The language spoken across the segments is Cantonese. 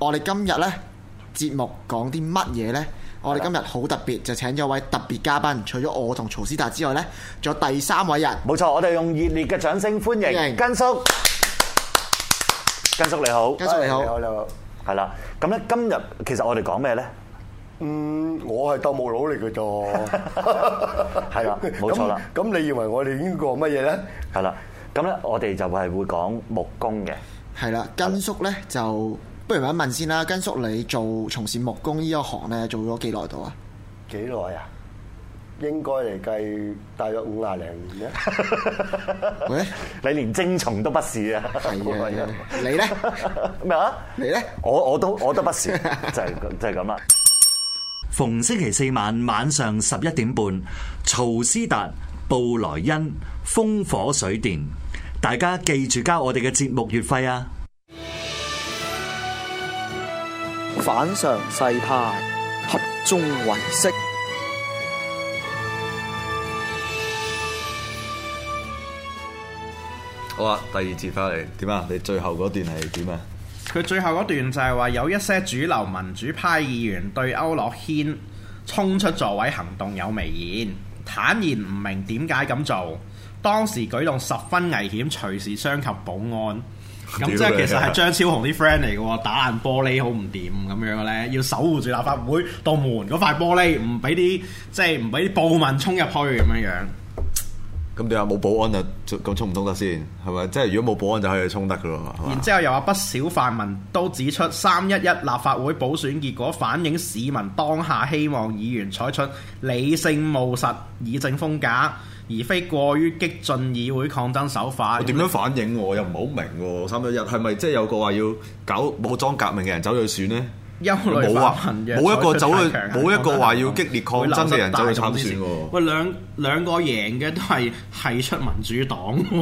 我哋今日咧，節目講啲乜嘢咧？我哋今日好特別，就請咗位特別嘉賓，除咗我同曹思達之外咧，仲有第三位人。冇錯，我哋用熱烈嘅掌聲歡迎根叔。根叔你好，根叔你好，你好你好。係啦，咁咧今日其實我哋講咩咧？嗯，我係盜木佬嚟嘅啫。係啦，冇錯啦。咁你認為我哋呢個乜嘢咧？係啦，咁咧我哋就係會講木工嘅。係啦，根叔咧就。不如問一問先啦，根叔，你做從事木工呢一行咧，做咗幾耐度啊？幾耐啊？應該嚟計大約五十零年。喂， 你連精蟲都不是啊！係啊的， 你咧咩啊？What? 你咧呢？我我都我都不是， 就係、是、就係咁啦。 逢星期四晚晚上十一點半，曹斯達、布萊恩、風火水電，大家記住交我哋嘅節目月費啊！反常世態，合眾唯識。好啊，第二節翻嚟，點啊？你最後嗰段係點啊？佢最後嗰段就係話，有一些主流民主派議員對區諾軒衝出座位行動有微言，坦言唔明點解咁做，當時舉動十分危險，隨時傷及保安。咁即係其實係張超雄啲 friend 嚟嘅喎，打爛玻璃好唔掂咁樣咧，要守護住立法會度門嗰塊玻璃，唔俾啲即係唔俾啲暴民衝入去咁樣樣。咁你話啊？冇保安就咁衝唔衝得先？係咪？即係如果冇保安就可以去衝得嘅咯，然之後又有不少泛民都指出，三一一立法會補選結果反映市民當下希望議員採取理性務實以政風格。而非過於激進議會抗爭手法。你點樣反應我，我又唔係好明喎。三一一日係咪即係有個話要搞武裝革命嘅人走咗去選呢？冇啊！冇一個走去，冇一個話要激烈抗爭嘅人走去參選喎。喂，兩兩個贏嘅都係係出民主黨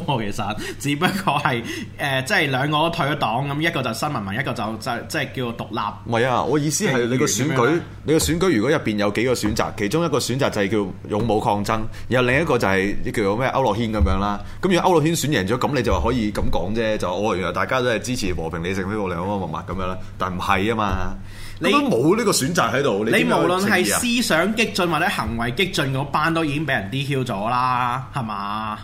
喎。其實只不過係誒，即、呃、係、就是、兩個都退咗黨，咁一個就新民民，一個就是、就即、是、係叫做獨立。唔係啊！我意思係是原 你個選舉，你個選舉如果入邊有幾個選擇，其中一個選擇就係叫勇武抗爭，然後另一個就係、是、叫做咩區諾軒咁樣啦。咁如果區諾軒選贏咗，咁你就話可以咁講啫，就哦原來大家都係支持和平理性呢、這個兩個物物咁樣啦。但唔係啊嘛。你都冇呢個選擇喺度。你無論係思想激進或者行為激進嗰班都已經俾人 DQ 咗啦，係嘛？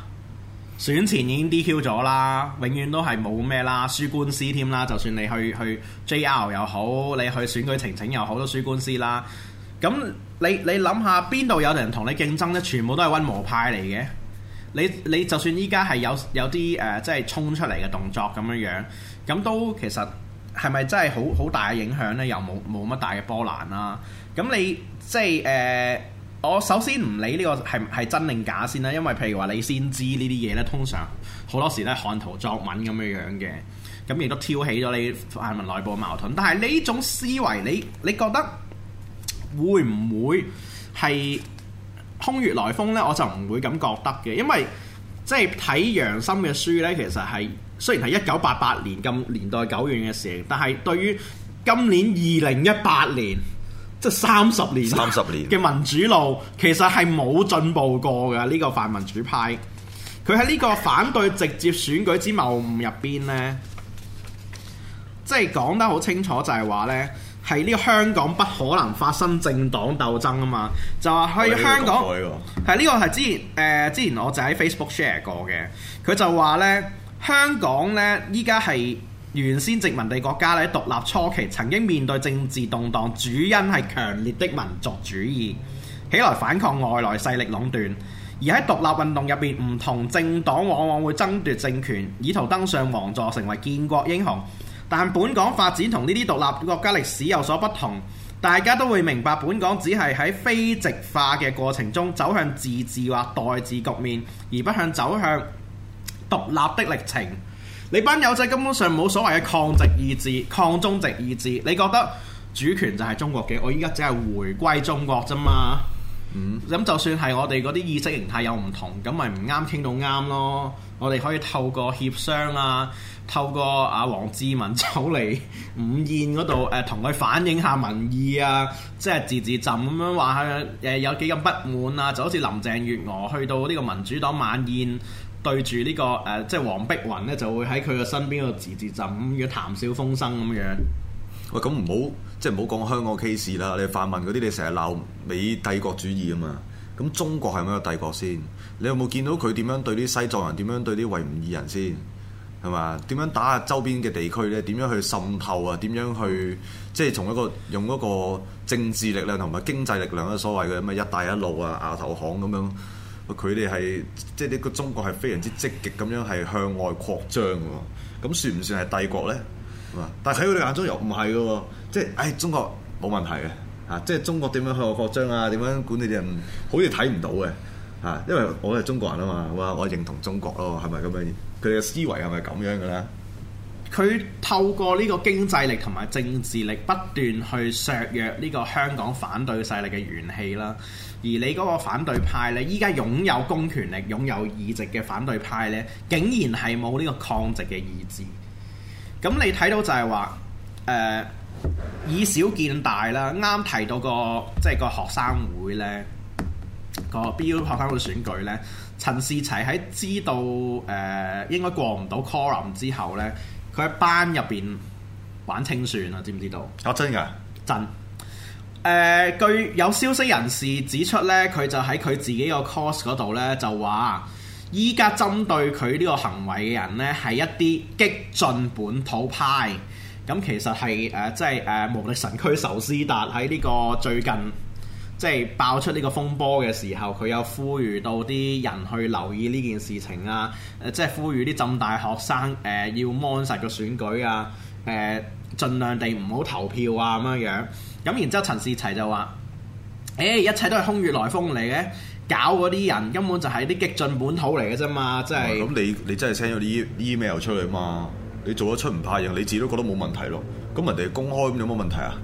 選前已經 DQ 咗啦，永遠都係冇咩啦，輸官司添啦。就算你去去 JR 又好，你去選舉呈請又好，都輸官司啦。咁你你諗下邊度有人同你競爭呢？全部都係溫和派嚟嘅。你你就算依家係有有啲誒、呃，即係衝出嚟嘅動作咁樣樣，咁都其實。係咪真係好好大嘅影響呢？又冇冇乜大嘅波瀾啦，啊？咁你即係誒、呃，我首先唔理呢個係係真定假先啦。因為譬如話你先知呢啲嘢呢，通常好多時呢，看圖作文咁樣樣嘅，咁亦都挑起咗你泛民內部矛盾。但係呢種思維，你你覺得會唔會係空穴來風呢？我就唔會咁覺得嘅，因為即係睇楊森嘅書呢，其實係。雖然係一九八八年咁年代久遠嘅事，但係對於今年二零一八年，即係三十年三十年嘅民主路，年其實係冇進步過嘅呢、這個泛民主派。佢喺呢個反對直接選舉之謬誤入邊呢，即係講得好清楚就，就係話呢，係呢個香港不可能發生政黨鬥爭啊嘛。就話去香港係呢個係、這個這個、之前誒、呃、之前我就喺 Facebook share 過嘅，佢就話呢。香港呢，依家係原先殖民地國家咧，獨立初期曾經面對政治動盪，主因係強烈的民族主義，起來反抗外來勢力壟斷，而喺獨立運動入邊唔同政黨往往會爭奪政權，以圖登上王座，成為建國英雄。但本港發展同呢啲獨立國家歷史有所不同，大家都會明白，本港只係喺非殖化嘅過程中走向自治或代治局面，而不向走向。獨立的歷程，你班友仔根本上冇所謂嘅抗殖意志、抗中殖意志。你覺得主權就係中國嘅，我依家只係回歸中國啫嘛？嗯，咁就算係我哋嗰啲意識形態有唔同，咁咪唔啱傾到啱咯。我哋可以透過協商啊，透過阿王志民走嚟午宴嗰度，誒同佢反映下民意啊，即係字字浸咁樣話下誒、呃，有幾咁不滿啊？就好似林鄭月娥去到呢個民主黨晚宴。對住呢、這個誒、呃，即係黃碧雲呢，就會喺佢嘅身邊度自自浸咁樣談笑風生咁樣。喂，咁唔好即係唔好講香港 case 啦，你泛民嗰啲你成日鬧美帝國主義啊嘛。咁中國係咪一個帝國先？你有冇見到佢點樣對啲西藏人，點樣對啲維吾爾人先係嘛？點樣打下周邊嘅地區呢？點樣去滲透啊？點樣去即係從一個用一個政治力量同埋經濟力量嘅、就是、所謂嘅咩一帶一路啊、亞投行咁樣？佢哋係即係呢個中國係非常之積極咁樣係向外擴張嘅喎，咁算唔算係帝國呢？但係喺佢哋眼中又唔係嘅喎，即係唉中國冇問題嘅，啊！即係中國點樣向外擴張啊？點樣管理啲人？好似睇唔到嘅，啊！因為我係中國人啊嘛，哇！我認同中國咯，係咪咁樣？佢哋嘅思維係咪咁樣嘅咧？佢透過呢個經濟力同埋政治力不斷去削弱呢個香港反對勢力嘅元氣啦。而你嗰個反對派呢，依家擁有公權力、擁有議席嘅反對派呢，竟然係冇呢個抗直嘅意志。咁你睇到就係話，誒以小見大啦。啱提到個即係個學生會呢，個 BU 學生會選舉呢，陳思齊喺知道誒應該過唔到 column 之後呢，佢喺班入邊玩清算啊，知唔知道？啊，真㗎，真。誒、呃，據有消息人士指出呢，佢就喺佢自己個 course 嗰度呢，就話依家針對佢呢個行為嘅人呢，係一啲激進本土派。咁、嗯、其實係誒，即係誒無力神區仇斯達喺呢個最近即係爆出呢個風波嘅時候，佢有呼籲到啲人去留意呢件事情啊、呃！即係呼籲啲浸大學生誒、呃、要 mon 實個選舉啊！誒、呃，盡量地唔好投票啊咁樣樣。咁然之後，陳士齊就話，誒、欸，一切都係空穴來風嚟嘅，搞嗰啲人根本就係啲激進本土嚟嘅啫嘛，即係。咁你你真係 send 咗啲 email 出嚟嘛？你做得出唔怕認，你自己都覺得冇問題咯。咁人哋公開咁有冇問題啊？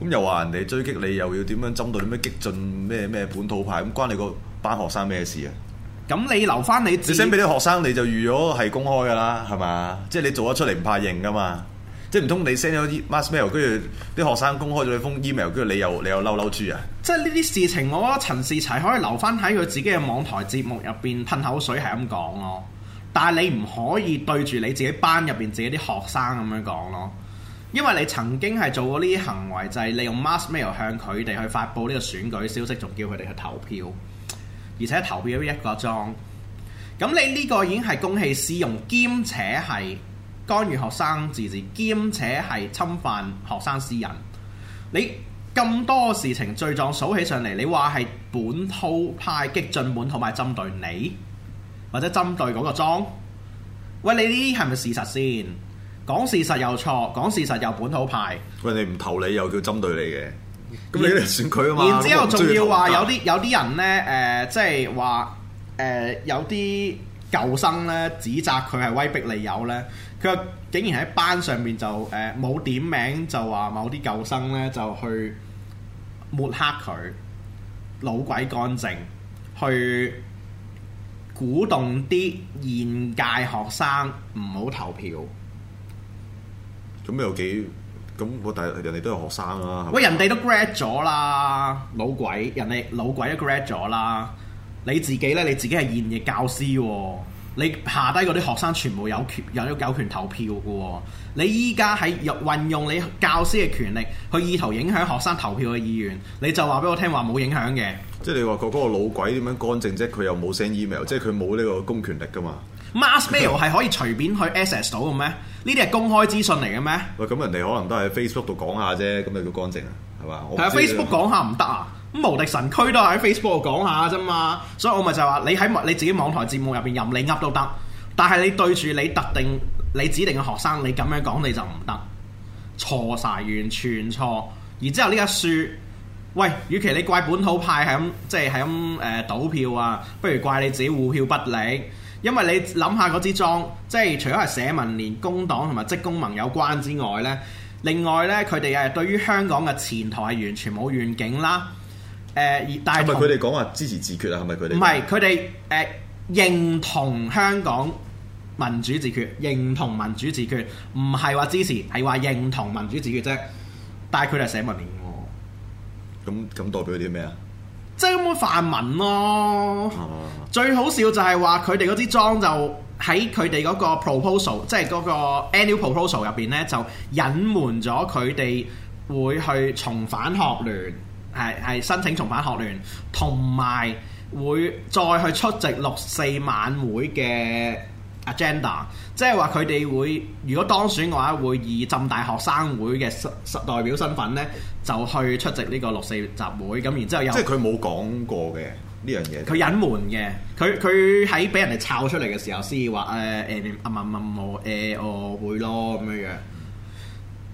咁又話人哋追擊你，又要點樣針對啲咩激進咩咩本土派？咁關你個班學生咩事啊？咁你留翻你自己，你 send 俾啲學生，你就預咗係公開噶啦，係嘛？即係你做得出嚟唔怕認噶嘛？即係唔通你 send 咗啲 mass mail，跟住啲學生公開咗封 email，跟住你又你又嬲嬲豬啊！即係呢啲事情，我覺得陳士齊可以留翻喺佢自己嘅網台節目入邊噴口水係咁講咯。但係你唔可以對住你自己班入邊自己啲學生咁樣講咯，因為你曾經係做過呢啲行為，就係利用 mass mail 向佢哋去發布呢個選舉消息，仲叫佢哋去投票，而且投票個一個鐘。咁你呢個已經係公器私用，兼且係，干預學生自治，兼且係侵犯學生私隱。你咁多事情罪狀數起上嚟，你話係本土派激進本土派針對你，或者針對嗰個莊。喂，你呢啲係咪事實先？講事實又錯，講事實又本土派。喂，你唔投你又叫針對你嘅？咁你選佢啊嘛？然之後仲要話有啲有啲人呢，誒、呃，即係話誒，有啲。舊生咧指責佢係威逼利誘咧，佢竟然喺班上面就誒冇、呃、點名就話某啲舊生咧就去抹黑佢，老鬼乾淨，去鼓動啲現屆學生唔好投票。咁又幾咁？我但人哋都係學生啦、啊，喂人哋都 grad 咗啦，老鬼人哋老鬼都 grad 咗啦。你自己咧，你自己係現役教師喎、哦，你下低嗰啲學生全部有權有有權投票嘅喎、哦，你依家喺入運用你教師嘅權力去意圖影響學生投票嘅意願，你就話俾我聽話冇影響嘅。即係你話個嗰個老鬼點樣乾淨啫？佢又冇 send email，即係佢冇呢個公權力噶嘛？Mass mail 係 可以隨便去 access 到嘅咩？呢啲係公開資訊嚟嘅咩？喂，咁人哋可能都係喺 Facebook 度講下啫，咁你叫乾淨說說啊，係嘛？喺 Facebook 講下唔得啊？無敵神區都喺 Facebook 講下啫嘛，所以我咪就話你喺你自己網台節目入邊任你噏都得，但係你對住你特定你指定嘅學生，你咁樣講你就唔得，錯晒，完全錯。而之後呢一輸，喂，與其你怪本土派係咁，即係係咁誒賭票啊，不如怪你自己護票不理。因為你諗下嗰支莊，即係除咗係社民連工黨同埋職工盟有關之外呢，另外呢，佢哋係對於香港嘅前途係完全冇遠景啦。誒、呃、但係佢哋講話支持自決啊？係咪佢哋唔係佢哋誒認同香港民主自決，認同民主自決，唔係話支持，係話認同民主自決啫。但係佢哋寫文喎，咁咁代表啲咩啊？即係咁樣泛民咯。啊、最好笑就係話佢哋嗰支莊就喺佢哋嗰個 proposal，即係嗰個 annual proposal 入邊咧，就隱瞞咗佢哋會去重返學聯。係係申請重返學聯，同埋會再去出席六四晚會嘅 agenda，即係話佢哋會如果當選嘅話，會以浸大學生會嘅代表身份咧，就去出席呢個六四集會。咁然之後又即係佢冇講過嘅呢樣嘢。佢隱瞞嘅，佢佢喺俾人哋摷出嚟嘅時候先至話誒誒啊唔唔冇誒我會咯咁樣樣。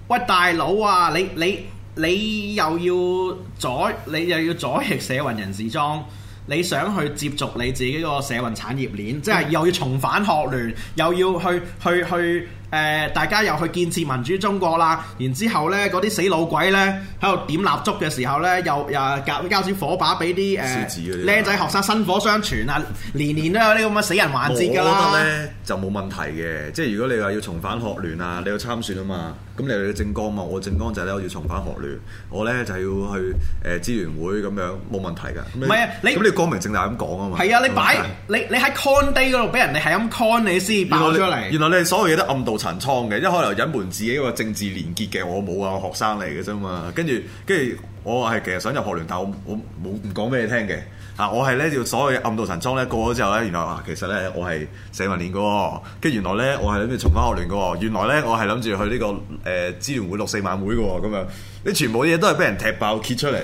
喂大佬啊，你你。你又要左，你又要左翼社運人士裝，你想去接觸你自己個社運產業鏈，即係又要重返學聯，又要去去去。去誒、呃，大家又去建設民主中國啦，然之後咧，嗰啲死老鬼咧喺度點蠟燭嘅時候咧，又又夾交啲火把俾啲誒靚仔學生薪火相傳啊，年 年都有呢啲咁嘅死人環節㗎啦。咧就冇問題嘅，即係如果你話要重返學聯啊，你要參選啊嘛，咁、嗯、你係政綱啊嘛，我政綱就係咧我要重返學聯，我咧就要去誒資源會咁樣冇問題㗎。唔係啊，你咁你光明正大咁講啊嘛。係啊，你擺、啊、你、啊、你喺 con day 嗰度俾人哋係咁 con 你先擺出嚟。原來你所有嘢都暗度陳倉嘅，一開頭隱瞞自己個政治連結嘅，我冇啊，我學生嚟嘅啫嘛，跟住跟住我係其實想入學聯但我我冇唔講俾你聽嘅，啊，我係呢，就所謂暗渡陳倉咧過咗之後咧，原來啊其實咧我係社民連嘅喎，跟住原來咧我係諗住重返學聯嘅喎，原來咧我係諗住去呢、呢個誒、呃、支聯會六四晚會嘅喎，咁樣你全部嘢都係俾人踢爆揭出嚟。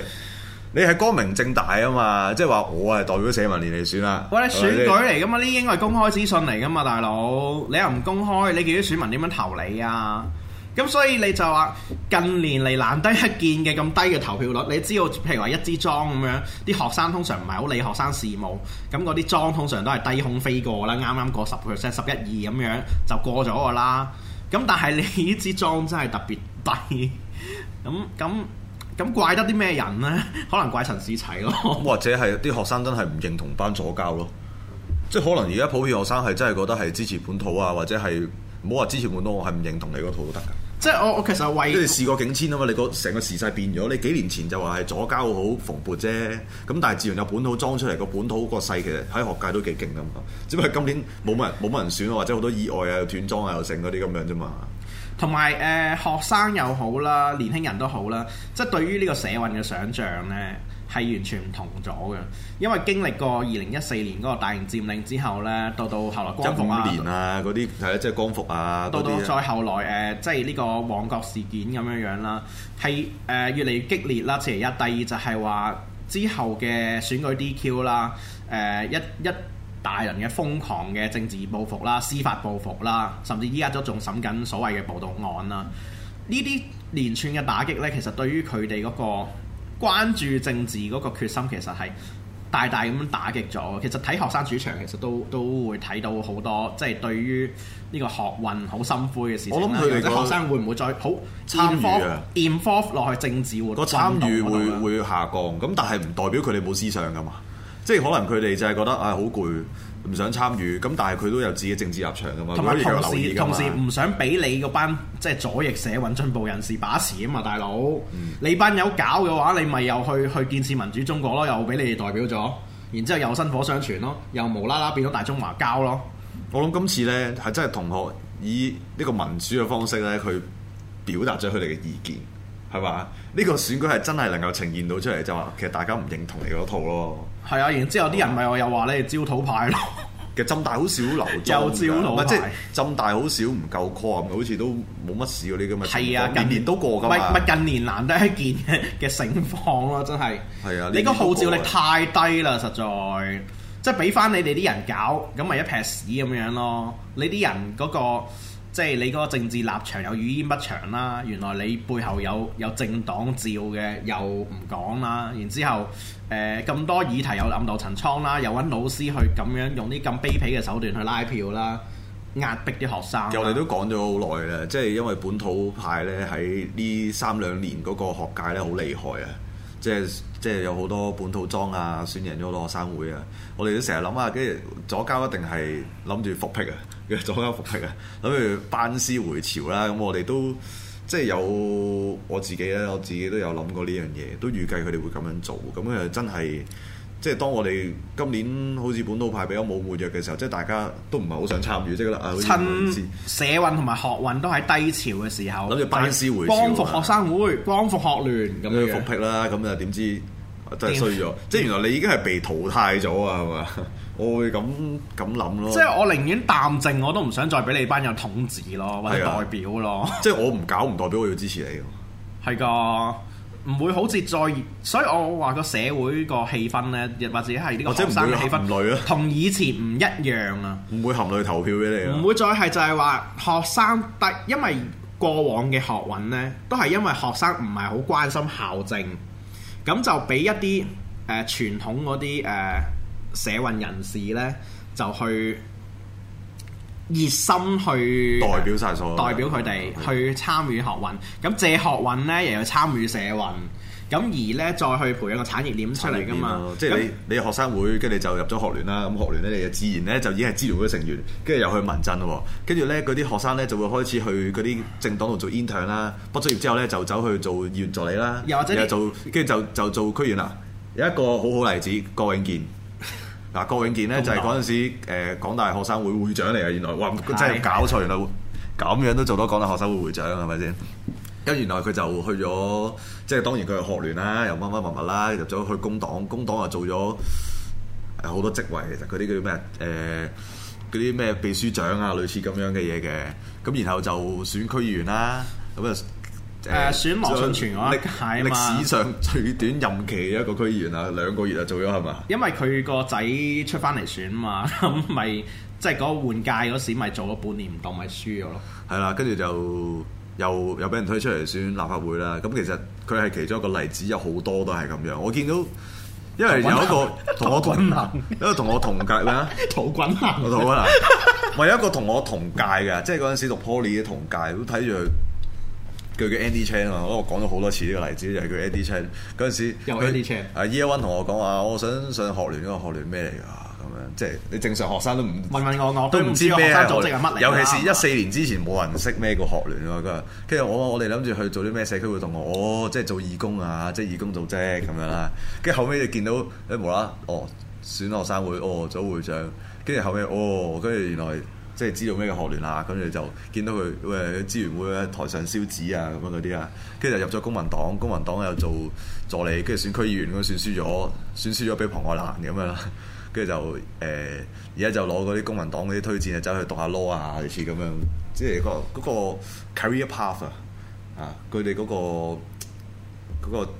你係光明正大啊嘛，即係話我係代表社民連嚟選啦喂。我哋選舉嚟噶嘛，呢啲應該係公開資訊嚟噶嘛，大佬。你又唔公開，你叫啲選民點樣投你啊？咁所以你就話近年嚟難得一見嘅咁低嘅投票率，你知道譬如話一支莊咁樣，啲學生通常唔係好理學生事務，咁嗰啲莊通常都係低空飛過啦，啱啱過十 percent、十一二咁樣就過咗噶啦。咁但係你呢支莊真係特別低，咁咁。咁怪得啲咩人咧？可能怪陳思齊咯，或者係啲學生真係唔認同班左膠咯，即係可能而家普遍學生係真係覺得係支持本土啊，或者係唔好話支持本土，我係唔認同你嗰套都得噶。即係我我其實為，因為事過境遷啊嘛，你個成個時勢變咗，你幾年前就話係左膠好蓬勃啫，咁但係自然有本土莊出嚟個本土個勢，其實喺學界都幾勁噶嘛。只不過今年冇乜人冇乜人選，或者好多意外啊，又斷莊啊，又剩嗰啲咁樣啫嘛。同埋誒學生又好啦，年輕人都好啦，即係對於呢個社運嘅想像呢，係完全唔同咗嘅。因為經歷過二零一四年嗰個大型佔領之後呢，到到後來光復啊，一五年啊嗰啲係即係光復啊，到到再後來誒些、呃，即係呢個旺角事件咁樣樣啦，係誒、呃、越嚟越激烈啦。其一，第二就係話之後嘅選舉 DQ 啦、呃，誒一一。一一大人嘅瘋狂嘅政治報復啦、司法報復啦，甚至依家都仲審緊所謂嘅暴動案啦。呢啲連串嘅打擊呢，其實對於佢哋嗰個關注政治嗰個決心其大大，其實係大大咁打擊咗。其實睇學生主場，其實都都會睇到好多即係、就是、對於呢個學運好心灰嘅事情，我諗佢哋嘅學生會唔會再好 involve、involve 落去政治活動？參與會會下降，咁但係唔代表佢哋冇思想噶嘛？即係可能佢哋就係覺得啊，好攰，唔想參與。咁但係佢都有自己政治立場噶嘛。同時同時唔想俾你嗰班即係、即係、左翼社運進步人士把持啊嘛，大佬。嗯、你班友搞嘅話，你咪又去去建設民主中國咯，又俾你哋代表咗。然之後又薪火相傳咯，又無啦啦變咗大中華膠咯。我諗今次呢，係真係同學以呢個民主嘅方式呢去表達咗佢哋嘅意見，係嘛？呢、呢個選舉係真係能夠呈現到出嚟，就話其實大家唔認同你嗰套咯。係啊，然之後啲人咪我又話你係焦土派咯，其實浸大好少流中 又土，又焦土即係浸大少夠 call, 好少唔夠 call 好似都冇乜事呢啲咁啊，係啊，年年都過咁嘛，咪近年難得一見嘅嘅盛況咯，真係，係啊，你個號召力太低啦，實在，即係俾翻你哋啲人搞，咁咪、嗯、一劈屎咁樣咯，你啲人嗰、那個。即係你嗰個政治立場有語焉不詳啦，原來你背後有有政黨照嘅又唔講啦，然之後誒咁、呃、多議題有暗度陳倉啦，又揾老師去咁樣用啲咁卑鄙嘅手段去拉票啦，壓迫啲學生。我哋都講咗好耐啦，即係因為本土派呢喺呢三兩年嗰個學界呢好厲害啊，即係即係有好多本土莊啊，選贏咗好多學生會啊，我哋都成日諗下，跟住左膠一定係諗住復辟啊。嘅左膠復辟啊！諗住班師回朝啦，咁我哋都即係有我自己咧，我自己都有諗過呢樣嘢，都預計佢哋會咁樣做。咁佢哋真係即係當我哋今年好似本土派比較冇活躍嘅時候，即係大家都唔係好想參與，即係啦啊！親社運同埋學運都喺低潮嘅時候，諗住班師回朝，光復學生會，光復學聯，咁樣、嗯、的復辟啦。咁啊，點知？真係衰咗，嗯、即係原來你已經係被淘汰咗啊，係嘛？ 我會咁咁諗咯。即係我寧願淡靜，我都唔想再俾你班人統治咯，或者代表咯的。 即係我唔搞，唔代表我要支持你。係噶，唔會好似再，所以我話個社會個氣氛咧，亦或者係呢個學生嘅氣氛，同以前唔一樣啊。唔會含淚投票俾你，啊。唔會再係就係話學生得，但因為過往嘅學運咧，都係因為學生唔係好關心校政。咁就俾一啲誒、呃、傳統嗰啲誒社運人士咧，就去熱心去代表晒，所有代表佢哋去參與學運，咁借學運咧又要參與社運。咁而咧，再去培養個產業鏈出嚟噶嘛？啊、即係你、嗯、你學生會，跟住就入咗學聯啦。咁學聯咧，你就自然咧就已經係支聯會成員，跟住又去民陣咯。跟住咧，嗰啲學生咧就會開始去嗰啲政黨度做 intern 啦。畢咗業之後咧，就走去做議員助理啦，又或者做跟住就就做區員啦。有一個好好例子，郭永健嗱，郭永健咧就係嗰陣時誒港 公道、呃、大學生會會長嚟嘅。原來哇，真係搞錯啦！咁 樣都做到港大學生會會，會長，係咪先？咁然後佢就去咗，即係當然佢係學聯啦，又乜乜物物啦，入咗去工黨，工黨又做咗好多職位，其實嗰啲叫咩？誒嗰啲咩秘書長啊，類似咁樣嘅嘢嘅。咁然後就選區議員啦，咁就誒、呃、選王春全。啊歷，歷史上最短任期一個區議員啊，兩個月啊做咗係嘛？因為佢個仔出翻嚟選啊嘛，咁咪即係嗰換屆嗰時咪做咗半年唔當，咪輸咗咯。係啦，跟住就，又又俾人推出嚟選立法會啦，咁其實佢係其中一個例子，有好多都係咁樣。我見到，因為有一個同我滾行，有一個同我同屆咩啊？陶滾行，我陶滾行，咪有一個同我同屆嘅，即係嗰陣時讀 Poly 嘅同屆都睇住佢。叫佢 Andy Chan 啊，我講咗好多次呢個例子就係叫 Andy Chan 嗰陣時，又 Andy Chan。阿 e a n 同我講話，我想上學聯，呢個學聯咩嚟㗎？咁樣即係你正常學生都唔問問我，我都唔知咩學生組織係乜嚟。尤其是一四年之前冇人識咩個學聯啊嘛。啊。跟住我我哋諗住去做啲咩社區會同學，哦，即係做義工啊，即係義工組織咁樣啦。跟住後尾就見到你無啦，哦，選學生會，哦，組會長。跟住後尾，哦，跟住原來。即係知道咩叫學聯啊，跟住就見到佢誒資源會喺台上燒紙啊，咁樣嗰啲啊。跟住就入咗公民黨，公民黨又做助理，跟住選區議員咁選輸咗，選輸咗俾龐愛蘭咁樣啦，跟住就誒而家就攞嗰啲公民黨嗰啲推薦啊，走去讀下 law 啊，類似咁樣，即、那、係個嗰個 career path 啊，啊，佢哋嗰個嗰個。那個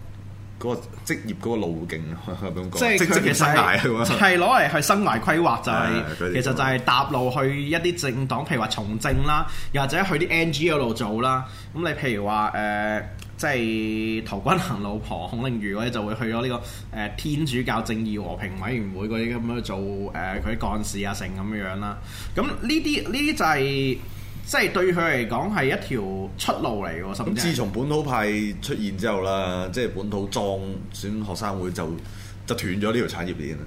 嗰個職業嗰個路徑，點 講？即係佢嘅生涯係攞嚟去生涯規劃，就係、是、其實就係搭路去一啲政黨，譬如話從政啦，又或者去啲 NG 嗰度做啦。咁你譬如話誒、呃，即係陶君行老婆孔令如，嗰啲就會去咗呢、這個誒、呃、天主教正義和平委員會嗰啲咁樣做誒，佢、呃、幹事啊成咁樣樣啦。咁呢啲呢啲就係、是。即係對佢嚟講係一條出路嚟喎，甚至，自從本土派出現之後啦，嗯、即係本土莊選學生會就就斷咗呢條產業鏈啦，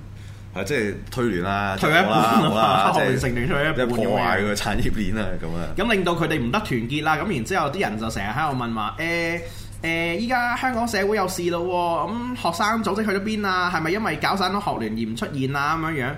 係、嗯、即係推冧啦，成啦啦，即係破壞佢產業鏈啊，咁啊、嗯。咁樣令到佢哋唔得團結啦，咁然後之後啲人就成日喺度問話誒誒，依、欸、家、欸、香港社會有事咯，咁學生組織去咗邊啊？係咪因為搞散咗學聯而唔出現啊？咁樣樣。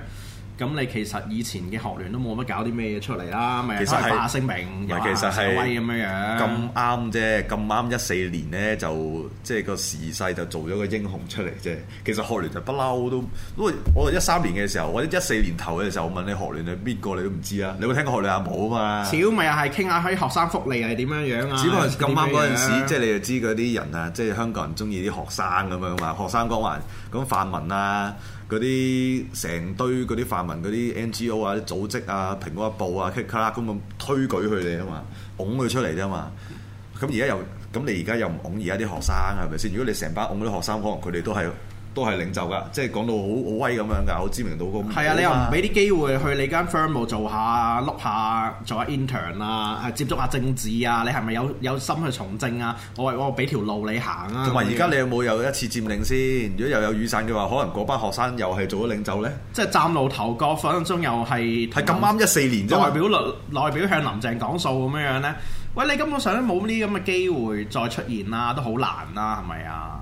咁你其實以前嘅學聯都冇乜搞啲咩嘢出嚟啦，咪其開下是聲明，打下是威咁樣樣。咁啱啫，咁啱一四年咧就即係、就是、個時勢就做咗個英雄出嚟啫。其實學聯就不嬲都，因為我一三年嘅時候，或者一四年頭嘅時候，我問你學聯係邊個，你都唔知啊。你有冇聽過學聯阿毛啊嘛？啊小咪又係傾下喺學生福利係點樣樣啊？只不過咁啱嗰陣時，麼即係你就知嗰啲人啊，即係香港人中意啲學生咁樣嘛，學生講話咁泛民啊。嗰啲成堆嗰啲泛民嗰啲 NGO 啊、啲組織啊、蘋果日報啊、click click 咁咁推舉佢哋啊嘛，拱佢出嚟啫嘛，咁而家又咁，你而家又唔拱而家啲學生係咪先？如果你成班拱啲學生，可能佢哋都係。都係領袖㗎，即係講到好好威咁樣㗎，好知名度嗰個。係啊，你又唔俾啲機會去你間 firm 度做下碌下，做下 intern 啊，接觸下政治啊，你係咪有有心去從政啊？我話我俾條路你行啊。同埋而家你有冇又一次佔領先？如果又有雨傘嘅話，可能嗰班學生又係做咗領袖咧。即係嶄露頭角，分分鐘又係。係咁啱一四年。代表代表向林鄭講數咁樣咧，喂！你根本上都冇呢啲咁嘅機會再出現啦、啊，都好難啦，係咪啊？是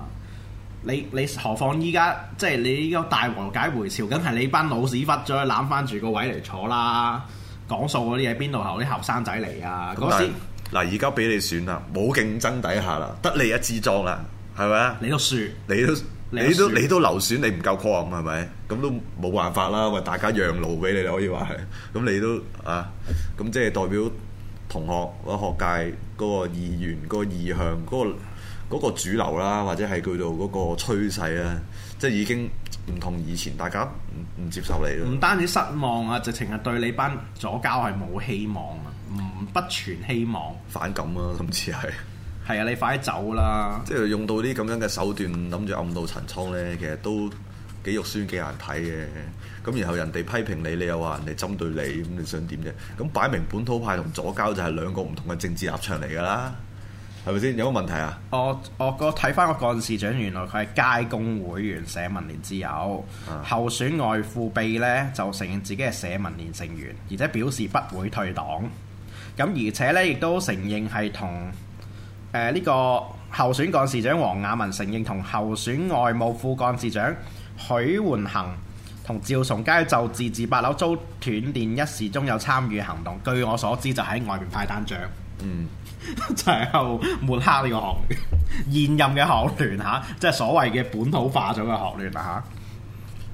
你你何況依家即係你依個大和解回潮梗係你班老屎忽咗，攬翻住個位嚟坐啦，講數嗰啲嘢邊度有啲後生仔嚟啊？嗰時嗱，而家俾你選啦，冇競爭底下啦，得你一支裝啦，係咪啊？你都輸，你都也你都也你都流選你，你唔夠擴係咪？咁都冇辦法啦，咪大家讓路俾你啦，你可以話係。咁你都啊，咁即係代表同學嗰學界嗰個意願、嗰個意向、嗰個嗰個主流啦，或者係叫做嗰個趨勢啊，即係已經唔同以前大家唔唔接受你啦。唔單止失望啊，直情係對你班左膠係冇希望啊，唔不存希望。反感啊，甚至係係啊，你快啲走啦！即係用到啲咁樣嘅手段，諗住暗度陳倉咧，其實都幾肉酸，幾難睇嘅。咁然後人哋批評你，你又話人哋針對你，咁你想點啫？咁擺明本土派同左膠就係兩個唔同嘅政治立場嚟㗎啦。係咪先有冇問題啊？我我個睇翻個幹事長，原來佢係街工會員、社民連之友，嗯、候選外副秘呢，就承認自己係社民連成員，而且表示不會退黨。咁而且呢，亦都承認係同呢、呃這個候選幹事長黃雅文承認同候選外務副幹事長許煥恆同趙松佳就治自治八樓遭斷電一事中有參與行動。據我所知就喺外面派單張。嗯。就係後抹黑呢個學現任嘅學聯吓，即係所謂嘅本土化咗嘅學聯吓。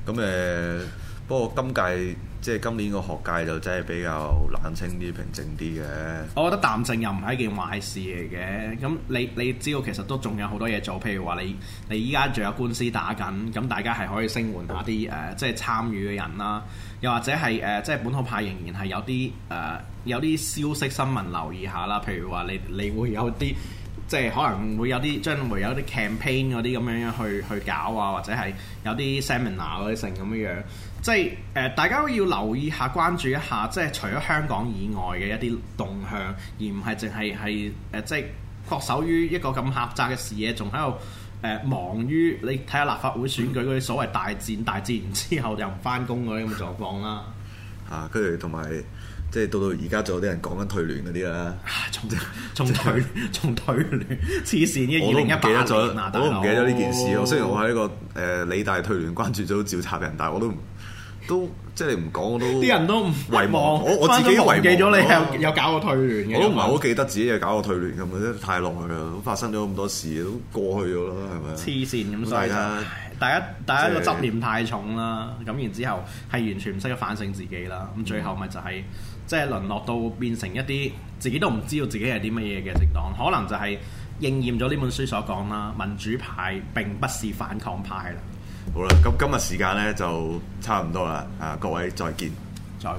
咁誒、嗯呃，不過今屆。即係今年個學界就真係比較冷清啲、平靜啲嘅。我覺得淡靜又唔係一件壞事嚟嘅。咁你你知道其實都仲有好多嘢做，譬如話你你依家仲有官司打緊，咁大家係可以聲援下啲誒，即係參與嘅人啦。又或者係誒、呃，即係本土派仍然係有啲誒、呃，有啲消息新聞留意下啦。譬如話你你會有啲，即係可能會有啲將會有啲 campaign 嗰啲咁樣樣去去搞啊，或者係有啲 seminar 嗰啲性咁樣樣。即係誒，大家都要留意下、關注一下，即係除咗香港以外嘅一啲動向，而唔係淨係係誒，即係侷守於一個咁狹窄嘅視野，仲喺度誒忙於你睇下立法會選舉嗰啲所謂大戰大戰，完之後又唔翻工嗰啲咁嘅狀況啦。啊，跟住同埋即係到到而家仲有啲人講緊退聯嗰啲啦，仲仲退仲、就是、退聯，黐線嘅，二零一八年我唔記得咗，我唔記得呢件事。我雖然我係一個誒理大退聯關注組召集人，但係我都唔。都即係你唔講我都，啲人都唔遺忘，望我我自己遺記咗你有有搞過退聯嘅，我都唔係好記得自己有搞過退聯咁樣，太落去啦，發生咗咁多事都過去咗啦，係咪？黐線咁，所以大家唉大家個執念太重啦，咁然後之後係完全唔識得反省自己啦，咁最後咪就係即係淪落到變成一啲自己都唔知道自己係啲乜嘢嘅政黨，可能就係應驗咗呢本書所講啦，民主派並不是反抗派啦。好啦，咁今日時間呢就差唔多啦，啊各位再見，再會。